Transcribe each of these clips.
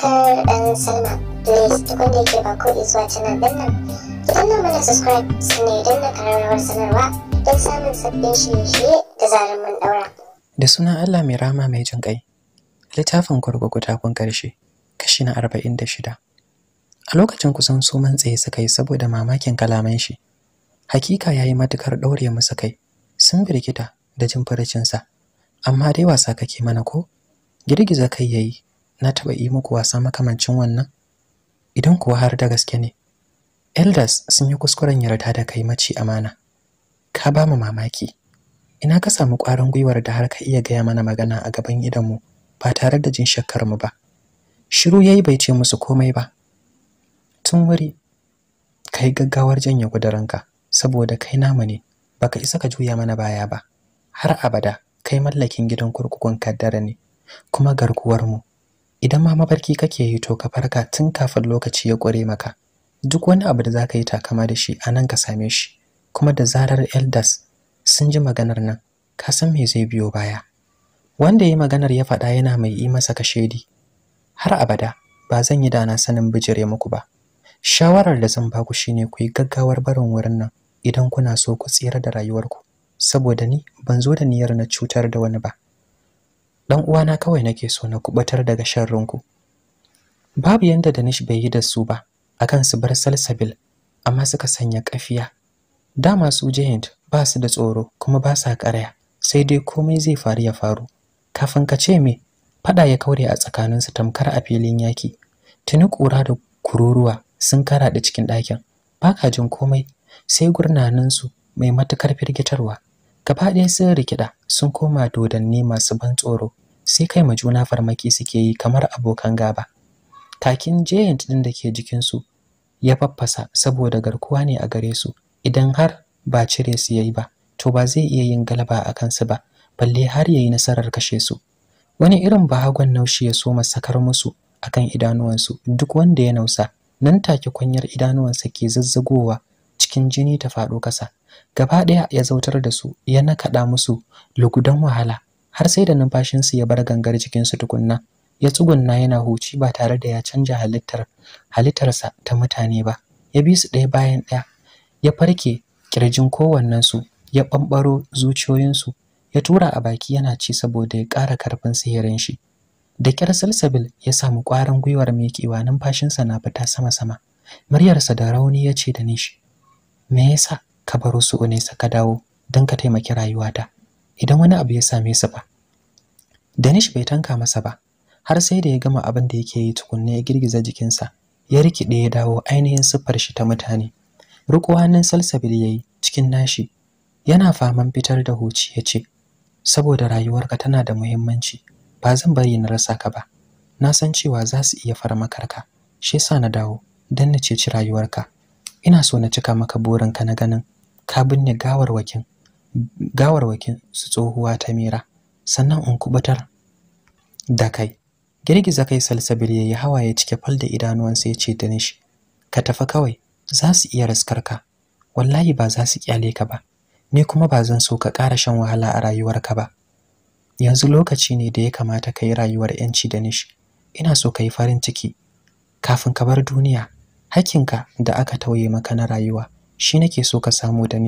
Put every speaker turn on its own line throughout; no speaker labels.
subscribe and sign up. Please tukunde ke ba ko zuwa canal din nan. Ki danna mana subscribe sannan idan na karar sanarwa don samun sabbin shirye-shirye da zarar mun daura. Da sunan Allah mai rama mai jin kai. Littafin gurgugu takun ƙarshe? kashi na arba'in da shida. A lokacin kusan su man suka yi saboda mamakin kalaman shi. Hakika ya yi matukar ɗaure musu kai. Sun birgita da jin faracinsa. Amma dai wasa kake mana ko? Girgiza kai ya yi. na taɓa yi muku wasa makamancin wannan idan kuwa har da gaske ne elders sun yi kuskuren yarda da kai mace amana ka ba mu mamaki ina ka samu ƙwarin gwiwar da har ka iya gaya mana magana a gaban idanmu ba tare da jin shakkar mu ba shiru yayi bai ce musu komai ba tun wuri kai gaggawar janye gudaranka saboda kai namu ne baka isa ka juya mana baya ba har abada kai mallakin gidan kurkukun kaddara ne kuma garkuwar mu idan ma mafarki kake yi to ka farka tun kafin lokaci ya ƙware maka duk wani abu da za ka yi takama da shi a nan ka same shi kuma da zarar elders sun ji maganar nan ka san me zai biyo baya wanda ya yi maganar ya faɗa yana mai yi masa kashedi har abada ba zan yi dana sanin bijire muku ba shawarar da zan baku shine ku yi gaggawar barin wurin nan idan kuna so ku tsira da rayuwarku saboda ni ban zo da niyyar na cutar da wani ba dan uwana kawai nake so na kubatar daga sharrinku babu yanda Danish bai yi da su ba akan su bar salsabil amma suka sanya kafiya dama su giant ba su da tsoro kuma ba sa karaya sai dai komai zai faru ya faru kafin ka ce me fada ya kaure a tsakanin su tamkar a filin yaki tuni kura da kururuwa sun kara da cikin ɗakin baka jin komai sai gurnaninsu mai matukar firgitarwa gaba ɗaya sun rikida sun koma dodanni masu ban tsoro sai kai ma juna farmaki suke yi kamar abokan gaba Takin giant din da ke jikinsu ya faffasa saboda garkuwa ne a gare su idan har ba cire su yayi ba to ba zai iya yin galaba a kansu ba balle har ya yi nasarar kashe su wani irin bahagon naushi ya soma sakar musu akan idanuwansu duk wanda ya nausa nan take kwanyar idanuwansa ke zazzagowa cikin jini ta faɗo ƙasa gaba ɗaya ya zautar da su ya nakaɗa musu lugudan wahala har sai da numfashinsu ya bar gangar jikinsu tukunna ya tsugunna yana huci ba tare da ya canja halittar halittarsa ta mutane ba ya bi su ɗaya bayan ɗaya ya farke kirjin kowannensu ya ɓamɓaro zuciyoyinsu ya tura a baki yana ci saboda ya ƙara karfin sihirin shi da kyar salsabil ya samu ƙwarin gwiwar miƙewa numfashinsa na fita sama-sama muryarsa da rauni ya ce da nishi me yasa ka baro su ka dawo don ka taimaki rayuwata idan wani abu ya same su ba. Danish bai tanka masa ba, har sai da ya gama abin da yake yi tukunna ya girgiza jikinsa, ya rikide ya dawo ainihin siffar shi ta mutane. rukuwa hannun salsabil ya yi cikin nashi, yana faman fitar da huci ya ce, Saboda rayuwarka tana da muhimmanci, ba zan bari na rasa ka ba. Na san cewa za su iya fara makarka, shi yasa na dawo, don na ceci rayuwarka. Ina so na cika maka burinka na ganin ka binne gawarwakin gawarwakin su tsohuwa ta mira sannan in kubutar da kai girgiza kai salsabil yayi ya cike fal da idanuwansa ya ce danish ka tafi kawai za su iya raskarka wallahi ba za su kyale ka ba ni kuma ba zan so ka ƙara shan wahala a rayuwarka ba yanzu lokaci ne da ya kamata ka yi rayuwar yanci da nish ina so ka yi farin ciki kafin ka bar duniya hakkinka da aka tauye maka na rayuwa shi nake so ka samu da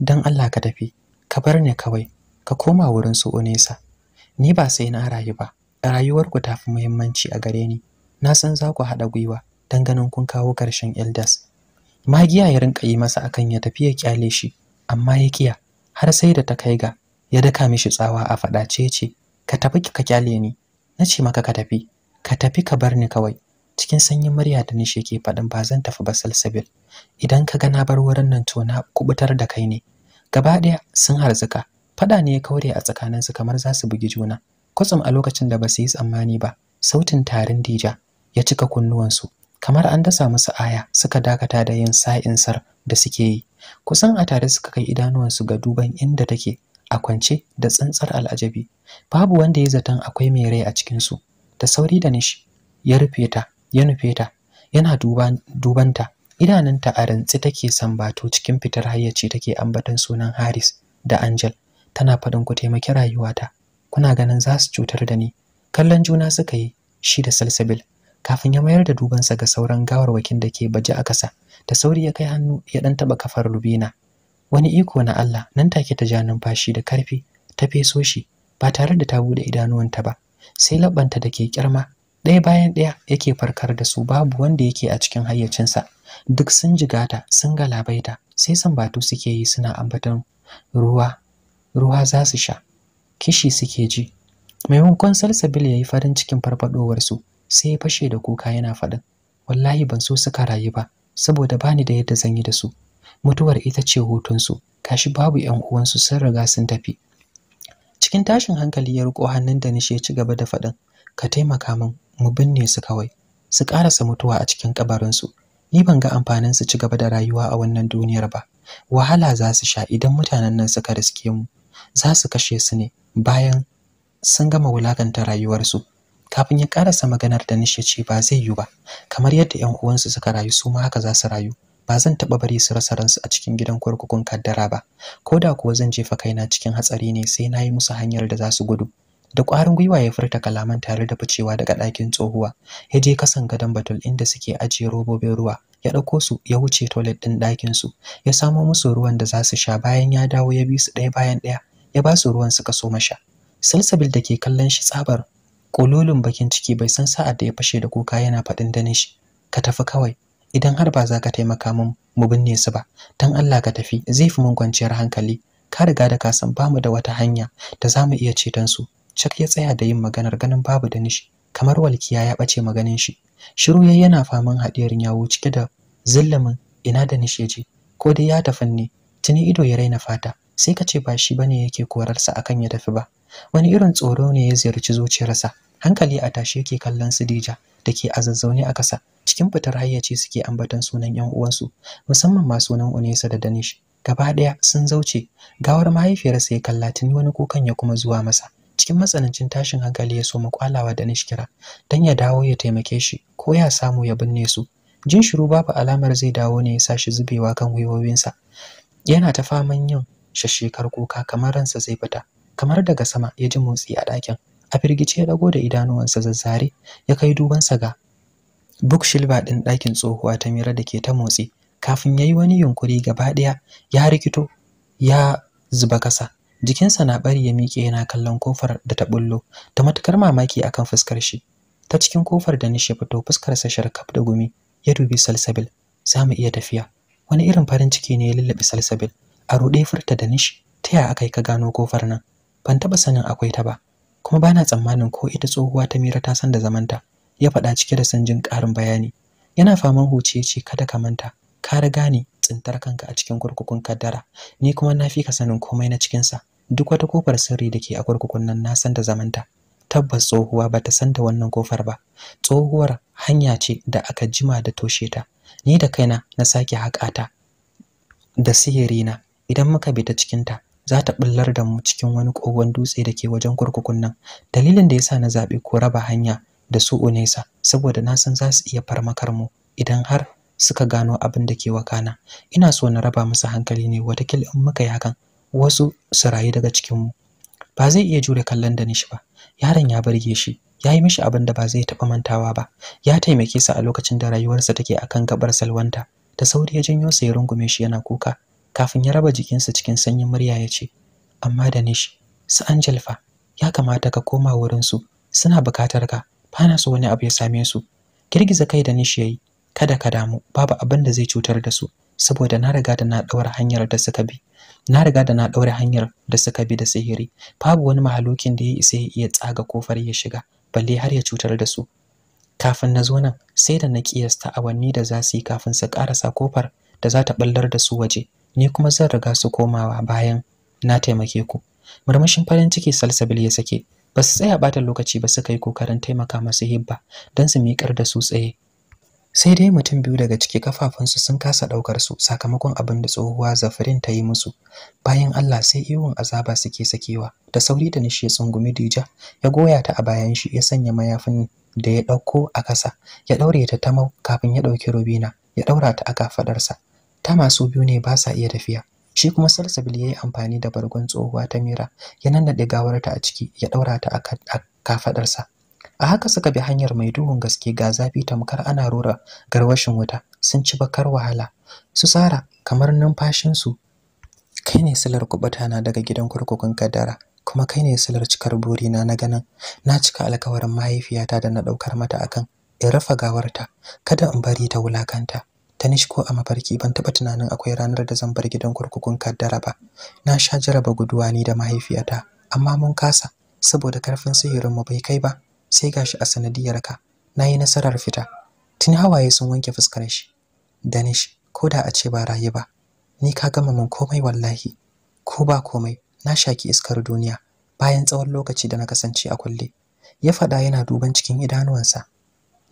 don allah ka tafi ka bar ni kawai ka koma wurin su unesa ni ba sai na rayu ba rayuwarku ta fi muhimmanci a gare ni na san za ku haɗa gwiwa don ganin kun kawo ƙarshen elders magiya ya rinka yi masa akan ya tafi ya kyale shi amma ya kiya har sai da ta kai ga ya daka mishi tsawa a faɗace ce ka tafi ka kyale ni na ce maka ka tafi ka tafi ka bar ni kawai cikin sanyin murya da nishe ke faɗin ba zan tafi ba salsabil idan ka ga na bar wurin nan to na kubutar da kai ne gaba ɗaya sun harzuka Faɗa ne ya kaure a tsakaninsu kamar za su bugi juna. Kwatsam a lokacin da ba su yi tsammani ba, sautin tarin Dija ya cika kunnuwansu. Kamar an dasa musu aya suka dakata da yin sa'insar da suke yi. Kusan a tare suka kai idanuwansu ga duban inda take a kwance da tsantsar al'ajabi. Babu wanda ya zaton akwai mai rai a cikinsu. Da sauri da nishi ya rufe ta, ya nufe ta, yana dubanta. Idanunta a rantsi take sambato cikin fitar hayyaci take ambaton sunan Haris da Angel. tana faɗin ku taimaki rayuwata kuna ganin za su cutar da ni kallon juna suka yi shi da salsabil kafin ya mayar da dubansa ga sauran gawarwakin da ke baje a ƙasa da sauri ya kai hannu ya ɗan taɓa kafar rubina wani iko na Allah nan take ta ja numfashi da karfi ta feso shi ba tare da ta bude idanuwanta ba sai labbanta da ke kirma ɗaya bayan ɗaya yake farkar da su babu wanda yake a cikin hayyacinsa duk sun jigata sun galabaita sai sambatu suke yi suna ambaton ruwa ruwa za su sha kishi suke ji maimakon salsabil ya yi farin cikin farfadowarsu sai ya fashe da kuka yana faɗin wallahi ban so suka rayu ba saboda bani da yadda zan yi da su mutuwar ita ce hutunsu kashi babu yan uwansu sun riga sun tafi cikin tashin hankali ya riko hannun da nishe ci gaba da faɗin ka taimaka min mu binne su kawai su ƙarasa mutuwa a cikin kabarinsu ni ban ga amfanin su ci gaba da rayuwa a wannan duniyar ba wahala za su sha idan mutanen nan suka riske mu za su kashe su ne bayan sun gama wulakanta rayuwarsu kafin ya karasa maganar da nishe ce ba zai yiwu ba kamar yadda yan uwansu suka rayu su ma haka za su rayu ba zan taɓa bari su rasa ransu a cikin gidan kurkukun kaddara ba ko da kuwa zan jefa kaina cikin hatsari ne sai na yi musu hanyar da za su gudu da ƙwarin gwiwa ya furta kalaman tare da ficewa daga ɗakin tsohuwa ya je kasan gadon batul inda suke ajiye robobin ruwa ya ɗauko su ya wuce toilet ɗin ɗakinsu, ya samo musu ruwan da za su sha bayan ya dawo ya bi su ɗaya bayan ɗaya ya ba su ruwan suka so masha salsabil da ke kallon shi tsabar kololin bakin ciki bai san sa'ad da ya fashe da kuka yana faɗin danin shi ka tafi kawai idan har ba za ka taimaka min mu binne su ba dan Allah ka tafi zai fi mun kwanciyar hankali ka riga da ka san bamu da wata hanya da za mu iya ceton su cak ya tsaya da yin maganar ganin babu da nishi kamar walkiya ya bace maganin shi shiru ya yana faman haɗiyar yawo cike da zillamin ina da nishi ko dai ya tafi ne tuni ido ya raina fata sai ka ce ba shi bane yake korarsa akan ya tafi ba wani irin tsoro ne ya ziyarci zuciyarsa hankali a tashi yake kallon su Dija da ke azazzaune a kasa cikin fitar hayyace suke ambaton sunan yan uwansu musamman ma sunan Unesa da Danish gaba ɗaya sun zauce gawar mahaifiyarsa ya kalla tuni wani kukan ya kuma zuwa masa cikin matsanancin tashin hankali ya so kwalawa Danish kira dan ya dawo ya taimake shi ko ya samu ya binne su jin shiru babu alamar zai dawo ne ya sa shi zubewa kan gwiwowinsa yana ta faman yin shashshekar kuka kamar ransa zai fita kamar daga sama ya ji motsi a ɗakin a firgice ya dago da idanuwansa zazzare ya kai dubansa ga book shilba ɗin ɗakin tsohuwa ta mira da ke ta motsi kafin ya yi wani yunkuri gaba ɗaya ya rikito ya zuba kasa jikinsa na bari ya miƙe yana kallon kofar da ta bullo ta matukar mamaki akan fuskar shi ta cikin kofar da nishi fito fuskarsa sharkaf da gumi ya dubi salsabil za mu iya tafiya wani irin farin ciki ne ya lullube salsabil a ruɗe furta da nishi ta ya aka yi ka gano kofar nan ban taɓa sanin akwai ta ba kuma bana tsammanin ko ita tsohuwa ta mira ta san da zamanta ya faɗa cike da son jin ƙarin bayani yana faman hucece kada ka manta ka riga ni tsintar kanka a cikin kurkukun kaddara ni kuma na fi ka sanin komai na cikin sa duk wata kofar sirri da ke a kurkukun nan na san da zamanta tabbas tsohuwa ba ta san da wannan kofar ba tsohuwar hanya ce da aka jima da toshe ta ni da kaina na sake haƙata da na. idan muka bi ta cikinta za ta ɓullar da mu cikin wani kogon dutse da ke wajen kurkukun nan dalilin da yasa na zaɓi ko raba hanya da su unesa saboda na san za su iya farmakar mu idan har suka gano abin da ke wakana ina so na raba musu hankali ne watakil in muka yi hakan wasu su rayu daga cikin mu ba zai iya jure kallon da nishi ba yaron ya barge shi ya yi mishi abin da ba zai taɓa mantawa ba ya taimake sa a lokacin da rayuwarsa take akan gabar salwanta da sauri ya janyo sa ya rungume shi yana kuka kafin ya raba jikinsa cikin sanyin murya ya ce amma da nishi su angel fa ya kamata ka koma wurinsu suna bukatar ka bana su wani abu ya same su girgiza kai da ya yi, kada ka damu babu abin da zai cutar da su saboda na riga da na daura hanyar da suka bi na riga da na daure hanyar da suka bi da sihiri babu wani mahalukin da ya isa ya iya tsaga kofar ya shiga balle har ya cutar da su kafin na zo nan sai da na kiyasta awanni da za su yi kafin su karasa kofar da za ta ɓallar da su waje ni kuma zan riga su komawa bayan na taimake ku murmushin farin ciki salsabil ya sake ba su tsaya bata lokaci ba suka yi kokarin taimaka masu hibba don su miƙar da su tsaye sai dai mutum biyu daga ciki kafafunsu sun kasa ɗaukar su sakamakon abin da tsohuwa zafirin ta yi musu bayan Allah sai iwon azaba suke sakewa da sauri da nishi ya tsungumi dija ya goya ta a bayan shi ya sanya mayafin da ya ɗauko a ƙasa ya ɗaure ta tamau kafin ya ɗauki robina ya ɗaura ta a kafaɗarsa dama masu biyu ne ba sa iya tafiya shi kuma salsabil ya yi amfani da bargon tsohuwa ta mira ya nannaɗe gawarta a ciki ya ɗaura ta a kafaɗarsa a haka suka bi hanyar mai duhun gaske ga zafi tamkar ana rura garwashin wuta sun ci bakar wahala su tsara kamar numfashinsu kai ne silar kubata na daga gidan kurkukun kaddara kuma kai ne silar cikar burina na ganin na cika alkawarin mahaifiyata da na ɗaukar mata akan in rufe gawarta kada in bari ta wulakanta Tanish ko a mafarki ban taɓa tunanin akwai ranar da zan bar gidan kurkukun kaddara ba na sha jaraba guduwa ni da mahaifiyata amma mun kasa saboda karfin sihirinmu bai kai ba sai gashi a sanadiyar ka na yi nasarar fita tun hawaye sun wanke fuskar shi danish ko da a ce ba rayu ba ni ka gama min komai wallahi ko ba komai na shaki iskar duniya bayan tsawon lokaci da na kasance a kulle ya faɗa yana duban cikin idanuwansa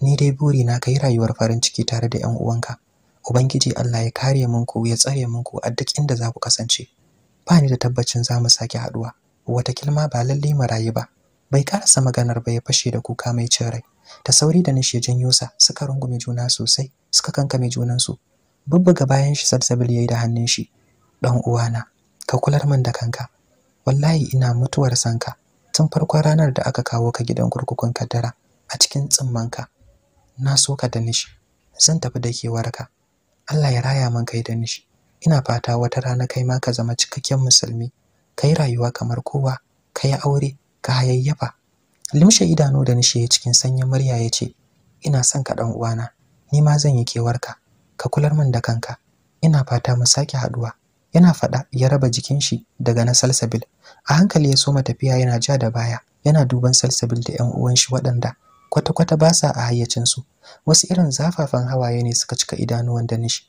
ni dai buri na yi rayuwar farin ciki tare da 'yan uwanka ubangiji Allah ya kare munku ya tsare munku a duk inda za ku kasance ba ni da tabbacin za mu sake haduwa wata kilma ba lalle mu rayu ba bai karasa maganar ba ya fashe da kuka mai cin rai ta sauri da nishi janyo sa suka rungume juna sosai suka kankame junansu bubbuga bayan shi zazzabin yayi da hannun shi dan uwana ka kular min da kanka wallahi ina mutuwar sanka tun farkon ranar da aka kawo ka gidan kurkukun kaddara a cikin tsimmanka na so ka da nishi zan tafi da ke warka Allah ya raya min kai da nishi ina fata wata rana kai ma ka zama cikakken musulmi kai rayuwa kamar kowa kai aure ka hayayyafa limshe idanu da nishi cikin sanyin murya ya ce ina son ka dan uwana ni ma zan yi kewarka ka kular min da kanka ina fata mu sake haduwa yana fada ya raba jikin shi daga na salsabil a hankali ya soma tafiya yana ja da baya yana duban salsabil da 'yan uwan shi waɗanda kwata-kwata ba sa a hayyacinsu wasu irin zafafan hawaye ne suka cika idanuwan danish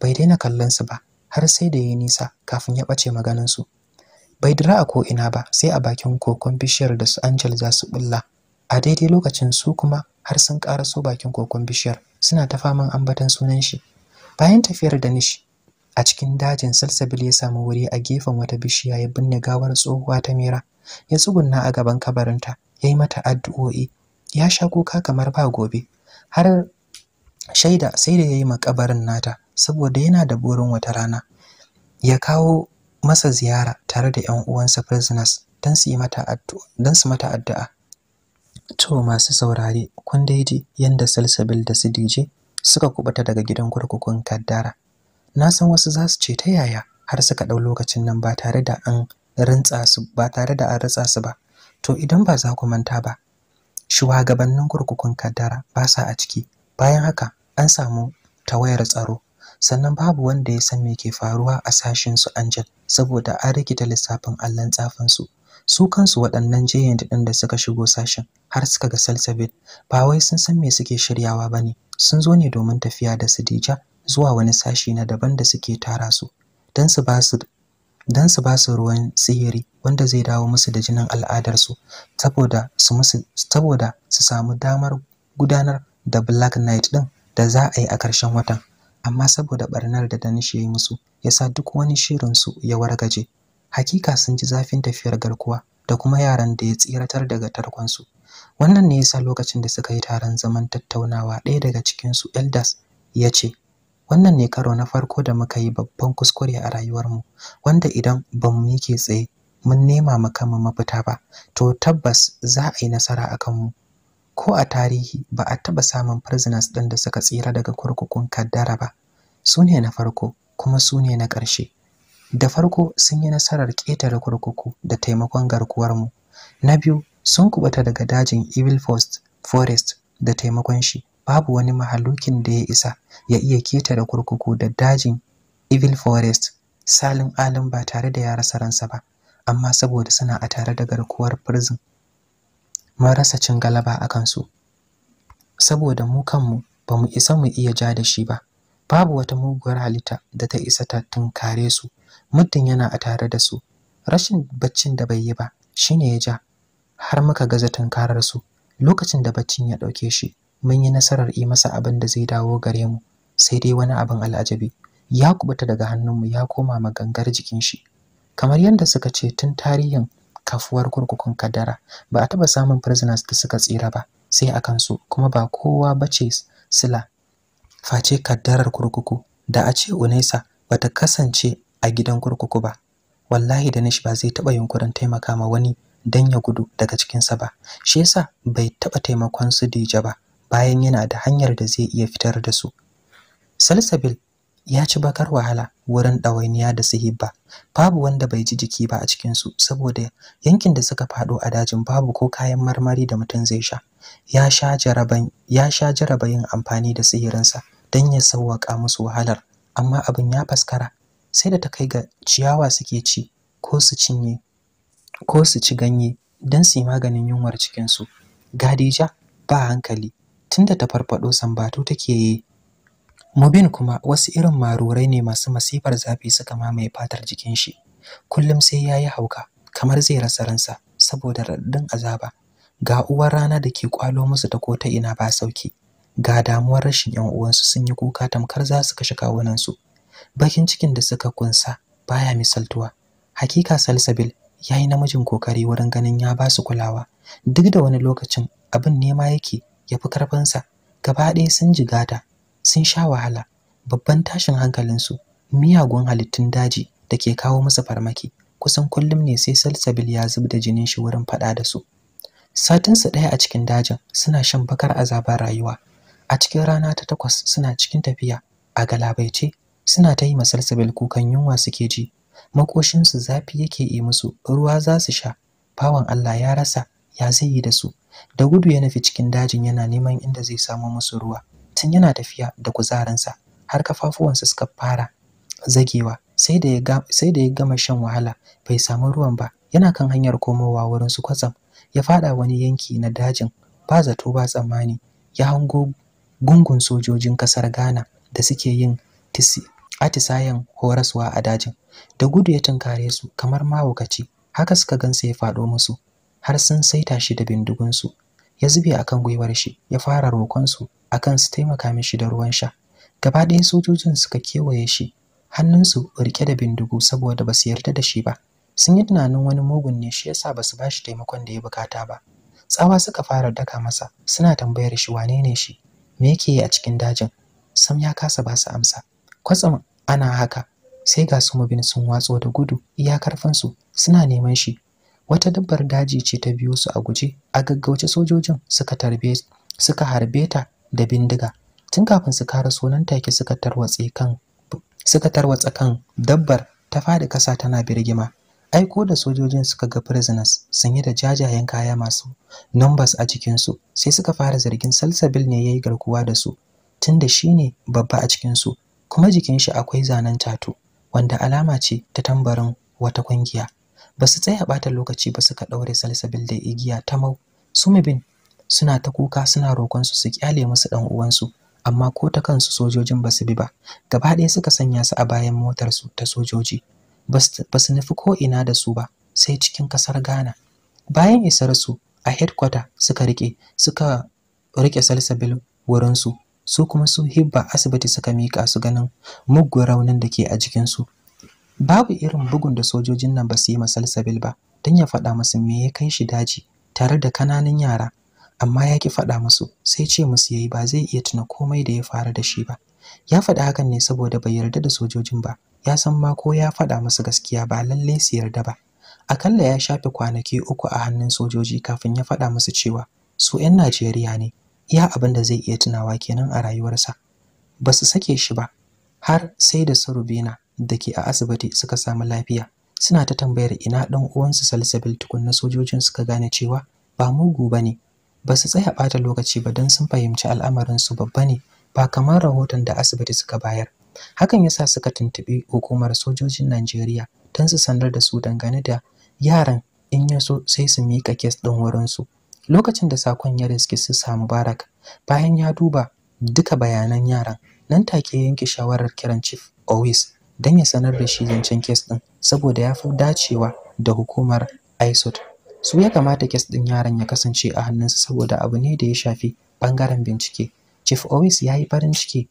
bai daina kallon su ba har sai da ya nisa kafin ya ɓace maganinsu bai dira a ko'ina ba sai a bakin kokon bishiyar da su angel za su bulla a daidai lokacin su kuma har sun so bakin kokon bishiyar suna ta faman ambatan sunan shi bayan tafiyar danish a cikin dajin salsabil ya samu wuri a gefen wata bishiya ya binne gawar tsohuwa ta mera ya tsugunna a gaban kabarinta ya yi mata addu'o'i ya sha kuka kamar ba gobe har shaida sai da ya yi makabarin nata saboda yana da burin wata rana ya kawo masa ziyara tare da 'yan uwansa prisoners don su mata addu'a to masu saurare kun daiji yadda salsabil da su dije suka kubuta daga gidan kurkukun kaddara na san wasu za su ce ta yaya har suka ɗau lokacin nan ba tare da an rintsa su ba tare da an su ba to idan ba za ku manta ba shugabannin kurkukun kaddara ba sa a ciki bayan haka an samu tawayar tsaro sannan babu wanda ya san me ke faruwa a sashin su Angel saboda an rikita lissafin allon tsafin su su kansu waɗannan jayen din da suka shigo sashin har suka ga Salsabil ba wai sun san me suke shiryawa bane sun zo ne domin tafiya da Sadija zuwa wani sashi na daban da suke tara su don su ba su don su ba su ruwan sihiri wanda zai dawo musu da jinin al'adarsu saboda su samu damar gudanar da Black Knight din da za a yi a ƙarshen watan amma saboda barnar da Danish ya yi musu yasa duk wani shirin su ya wargaje hakika sun ji zafin tafiyar garkuwa da kuma yaran da ya tsiratar daga tarkon su wannan ne yasa lokacin da suka yi taron zaman tattaunawa ɗaya daga cikin su Elders ya ce Wannan ne karo na farko da muka yi babban kuskure a rayuwarmu, wanda idan ba mu yi tsaye mun nema mu kanmu mafita ba, to tabbas za a yi nasara a kanmu. Ko a tarihi ba a taɓa samun prisoners ɗin da suka tsira daga kurkukun kaddara ba. Su ne na farko kuma su ne na ƙarshe. Da farko sun yi nasarar ƙetare kurkuku da taimakon garkuwarmu. Na biyu sun kuɓuta daga dajin Evil Forest da taimakon shi. babu wani mahalukin da ya isa ya iya ketare kurkuku da dajin Evil Forest salin alin ba tare da ya rasa ransa ba amma saboda suna a tare da garkuwar prison mun rasa cin galaba a kansu saboda mu kanmu ba mu isa mu iya ja da shi ba babu wata muguwar halitta da ta isa ta tunkare su muddin yana a tare da su rashin baccin da bai yi ba shine ya ja har muka gaza tunkarar su lokacin da baccin ya ɗauke shi mun yi nasarar yi masa abin da zai dawo gare mu sai dai wani abin al'ajabi ya kubuta daga hannunmu ya koma ma gangar jikin shi kamar yadda suka ce tun tarihin kafuwar kurkukun kadara ba a taba samun prisoners da suka tsira ba sai a kansu kuma ba kowa ba ce sila face kaddarar kurkuku da a ce ba bata kasance a gidan kurkuku ba wallahi da nishi ba zai taba yunkurin taimaka ma wani dan ya gudu daga cikinsa ba shi yasa bai taba taimakon su dija ba bayan yana da hanyar da zai iya fitar da su salsabil ya ci bakar wahala wurin ɗawainiya da sihibba babu wanda bai ji jiki ba a cikinsu saboda yankin da suka faɗo a dajin babu ko kayan marmari da mutum zai sha ya sha jaraban jaraba yin amfani da sihirinsa don ya sauwaƙa musu wahalar amma abin ya faskara sai da ta kai ga ciyawa suke ci ko su cinye ko su ci ganye don su yi maganin yunwar cikinsu gadija ba hankali tunda ta farfado sambatu take yi mubin kuma wasu irin marurai ne masu masifar zafi suka mamaye fatar jikin shi kullum sai yayi hauka kamar zai rasa ransa saboda raɗaɗin azaba ga uwar rana da ke kwalo musu ta kota ina ba sauki ga damuwar rashin yan uwansu sun yi kuka tamkar za su kashe kawunansu bakin cikin da suka kunsa baya misaltuwa hakika salsabil ya yi namijin kokari wurin ganin ya ba su kulawa duk da wani lokacin abin nema yake ya fi ƙarfinsa, gaba ɗaya sun jigata sun sha wahala babban tashin hankalinsu miyagun halittun daji da ke kawo musu farmaki kusan kullum ne sai salsabil ya zub da jinin shi wurin faɗa da su satinsu ɗaya a cikin dajin suna shan bakar azabar rayuwa a cikin rana ta takwas suna cikin tafiya a galabaice suna ta yi masalsabil kukan yunwa suke ji makoshinsu zafi yake yi musu ruwa za su sha bawan allah ya rasa ya zai yi da su da gudu ya nufi cikin dajin yana neman inda zai samu musu ruwa tun yana tafiya da kuzarinsa har kafafuwansa suka fara zagewa sai da ya gama shan wahala bai samu ruwan ba yana kan hanyar komowa wurin su kwatsam ya fada wani yanki na dajin ba zato ba tsammani ya hango gungun sojojin kasar Ghana da suke yin atisayen horaswa a dajin da gudu ya tunkare su kamar mawukaci, haka suka gansa ya faɗo musu har sun saita shi da bindigunsu ya zube a kan gwiwar shi ya fara roƙonsu a kan su taimaka mishi da ruwan sha gaba ɗaya sojojin suka kewaye shi hannunsu rike da bindigu saboda ba su yarda da shi ba sun yi tunanin wani mugun ne shi yasa ba su ba shi taimakon da ya bukata ba tsawa suka fara daka masa suna tambayar shi wane ne shi me yake yi a cikin dajin sam ya kasa ba su amsa kwatsam ana haka sai ga su mabin sun watso da gudu iya karfinsu suna neman shi wata dabbar daji ce ta biyo su a guje a gaggauce sojojin suka tarbe suka harbe ta da bindiga tun kafin su kara sunan take suka tarwatse kan suka tarwatsa kan dabbar ta fadi kasa tana birgima aiko da sojojin suka ga prisoners yi da jajayen kaya masu numbers a jikinsu sai suka fara zargin salsabil ne ya yi garkuwa da su tunda shi ne babba a cikinsu kuma jikin shi akwai zanen tato wanda alama ce ta tambarin wata kungiya ba su tsaya bata lokaci ba suka ɗaure salsabil da igiya ta mau sumibin suna ta kuka suna roƙonsu su su kyale musu ɗan uwansu amma ko ta kansu sojojin ba su bi ba gaba ɗaya suka sanya su a bayan motarsu ta sojoji ba su nufi ko ina da su ba sai cikin ƙasar ghana bayan isar su a headquarter suka rike suka rike salsabil wurinsu su kuma su hibba asibiti suka mika su ganin muggun raunin da ke a jikinsu babu irin bugun da sojojin nan ba su yi masalsabil ba don ya faɗa musu me ya kai shi daji tare da kananan yara amma ya ki faɗa musu sai ce musu yayi ba zai iya tuna komai da ya faru da shi ba ya faɗi hakan ne saboda bai yarda da sojojin ba ya san ma ko ya faɗa musu gaskiya ba lalle su yarda ba akalla ya shafe kwanaki uku a hannun sojoji kafin ya faɗa musu cewa su 'yan Najeriya ne iya abin da zai iya tunawa kenan a rayuwarsa ba su sake shi ba har sai da su da ke a asibiti suka samu lafiya suna ta tambayar ina ɗan uwansu salsabil tukunna sojojin suka gane cewa ba mugu ba ne ba su tsaya ɓata lokaci ba don sun fahimci al'amarin su babba ne ba kamar rahoton da asibiti suka bayar hakan yasa suka tuntuɓi hukumar sojojin najeriya don su sanar da su dangane da yaran in ya so sai su mika kes ɗin wurinsu lokacin da sakon ya riski su samu barak bayan ya duba duka bayanan yaran nan take yanke shawarar kiran chief always don ya sanar da shi zancen kes ɗin saboda ya fi dacewa da hukumar isot su ya kamata kes ɗin yaran ya kasance a hannunsa saboda abu ne da ya shafi ɓangaren bincike chief owis ya yi farin ciki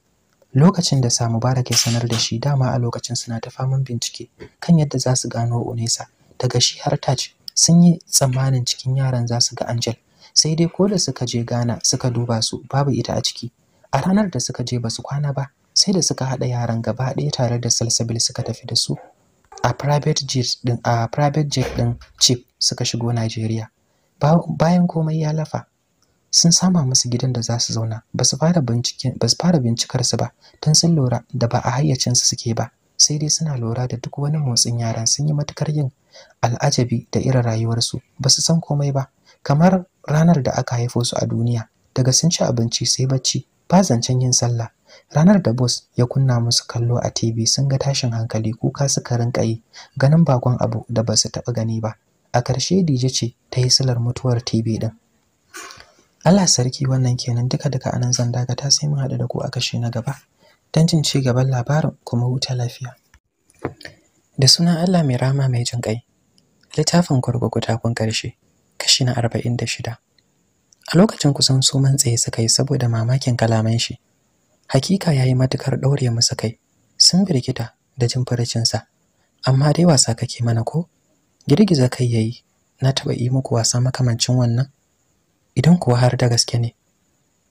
lokacin da samu bara ya sanar da shi dama a lokacin suna ta faman bincike kan yadda za su gano unesa daga shi har taj sun yi tsammanin cikin yaran za su ga angel sai dai ko da suka je ghana suka duba su babu ita a ciki a ranar da suka je ba su kwana ba sai da suka haɗa yaran gaba ɗaya tare da salsabil suka tafi da su a private jet din a private jet din chief suka shigo Najeriya bayan komai ya lafa sun sama musu gidan da za su zauna ba su fara binciken ba fara bincikar su ba tun sun lura da ba a hayyacin su suke ba sai dai suna lura da duk wani motsin yaran sun yi matukar yin al'ajabi da irin rayuwarsu ba su san komai ba kamar ranar da aka haifo su a duniya daga sun ci abinci sai bacci ba zancen yin sallah ranar da boss ya kunna musu kallo a tv sun ga tashin hankali kuka suka rinka yi ganin bakon abu da ba su taɓa gani ba a ƙarshe dije ce ta yi silar mutuwar tv ɗin. allah sarki wannan kenan duka duka anan zan dakata sai mun haɗu da ku a kashe na gaba don jin ci gaban labarin kuma huta lafiya da sunan allah mai rama mai jin ƙai littafin gurgugu kun ƙarshe kashi na arba'in da shida a lokacin kusan su man tsaye suka yi saboda mamakin kalaman shi hakika yayi matukar daure musu kai sun birgita da jin sa amma dai wasa kake mana ko girgiza kai yayi na taba yi muku wasa makamancin wannan idan kuwa har da gaske ne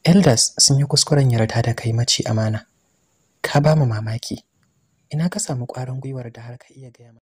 elders sun yi kuskuren yarda da kai mace amana ka ba mu mamaki ina ka samu ƙwarin gwiwar da har ka iya gaya